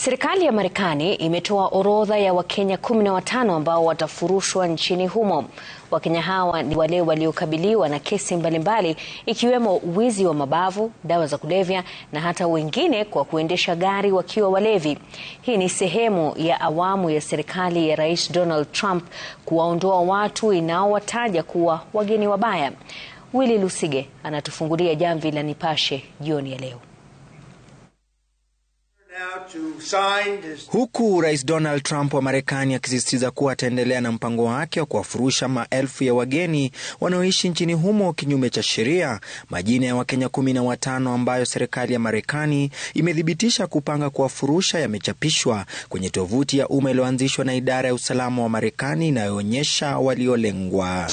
Serikali ya Marekani imetoa orodha ya Wakenya kumi na watano ambao watafurushwa nchini humo. Wakenya hawa ni wale waliokabiliwa na kesi mbalimbali ikiwemo wizi wa mabavu, dawa za kulevya na hata wengine kwa kuendesha gari wakiwa walevi. Hii ni sehemu ya awamu ya serikali ya Rais Donald Trump kuwaondoa watu inaowataja kuwa wageni wabaya. Willy Lusige anatufungulia jamvi la Nipashe jioni ya leo huku Rais Donald Trump wa Marekani akisisitiza kuwa ataendelea na mpango wake wa kuwafurusha maelfu ya wageni wanaoishi nchini humo kinyume cha sheria, majina ya Wakenya kumi na watano ambayo serikali ya Marekani imethibitisha kupanga kuwafurusha yamechapishwa kwenye tovuti ya umma iliyoanzishwa na idara ya usalama wa Marekani inayoonyesha waliolengwa.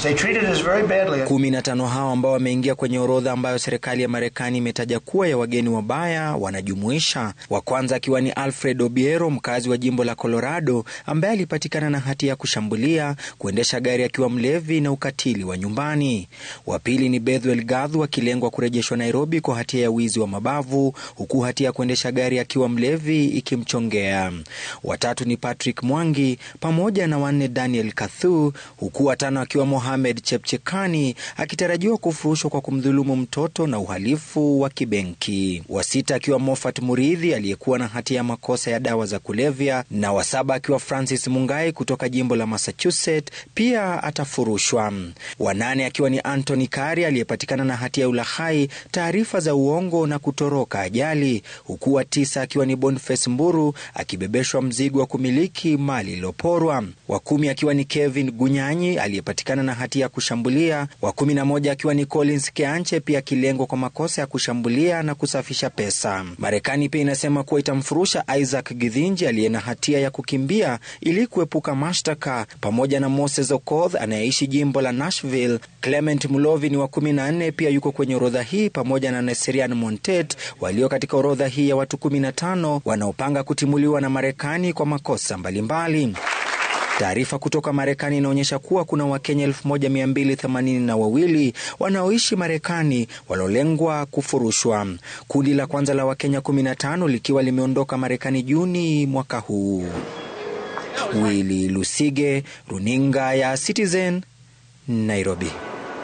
Kumi na tano hao ambao wameingia kwenye orodha ambayo serikali ya Marekani imetaja kuwa ya wageni wabaya wanajumuisha wa kwanza akiwa ni Alfred Obiero, mkazi wa jimbo la Colorado, ambaye alipatikana na hatia ya kushambulia, kuendesha gari akiwa mlevi na ukatili wa nyumbani. Wa pili ni Bethwel Gadhu akilengwa kurejeshwa Nairobi kwa hatia ya wizi wa mabavu, huku hatia ya kuendesha gari akiwa mlevi ikimchongea. Watatu ni Patrick Mwangi pamoja na wanne Daniel Kathu, huku watano akiwa Mohamed Chepchekani akitarajiwa kufurushwa kwa kumdhulumu mtoto na uhalifu wa kibenki. Wa sita akiwa Mofat Muridhi aliyekuwa na hatia kati ya makosa ya dawa za kulevya, na wasaba akiwa Francis Mungai kutoka jimbo la Massachusetts pia atafurushwa. Wanane akiwa ni Anthony Kari aliyepatikana na hatia ya ulahai taarifa za uongo na kutoroka ajali, huku wa tisa akiwa ni Boniface Mburu akibebeshwa mzigo wa kumiliki mali iliyoporwa, wa kumi akiwa ni Kevin Gunyanyi aliyepatikana na hatia ya kushambulia, wa kumi na moja akiwa ni Collins Keanche pia akilengwa kwa makosa ya kushambulia na kusafisha pesa. Marekani pia inasema kuwa itamfu kumfurusha Isaac Githinji aliye na hatia ya kukimbia ili kuepuka mashtaka, pamoja na Moses Okoth anayeishi jimbo la Nashville. Clement Mulovi ni wa 14 pia yuko kwenye orodha hii pamoja na Neserian Montet walio katika orodha hii ya watu 15 wanaopanga kutimuliwa na Marekani kwa makosa mbalimbali mbali. Taarifa kutoka Marekani inaonyesha kuwa kuna Wakenya 1282 wanaoishi Marekani waliolengwa kufurushwa, kundi la kwanza la Wakenya 15 likiwa limeondoka Marekani Juni mwaka huu. Willy Lusige, runinga ya Citizen, Nairobi.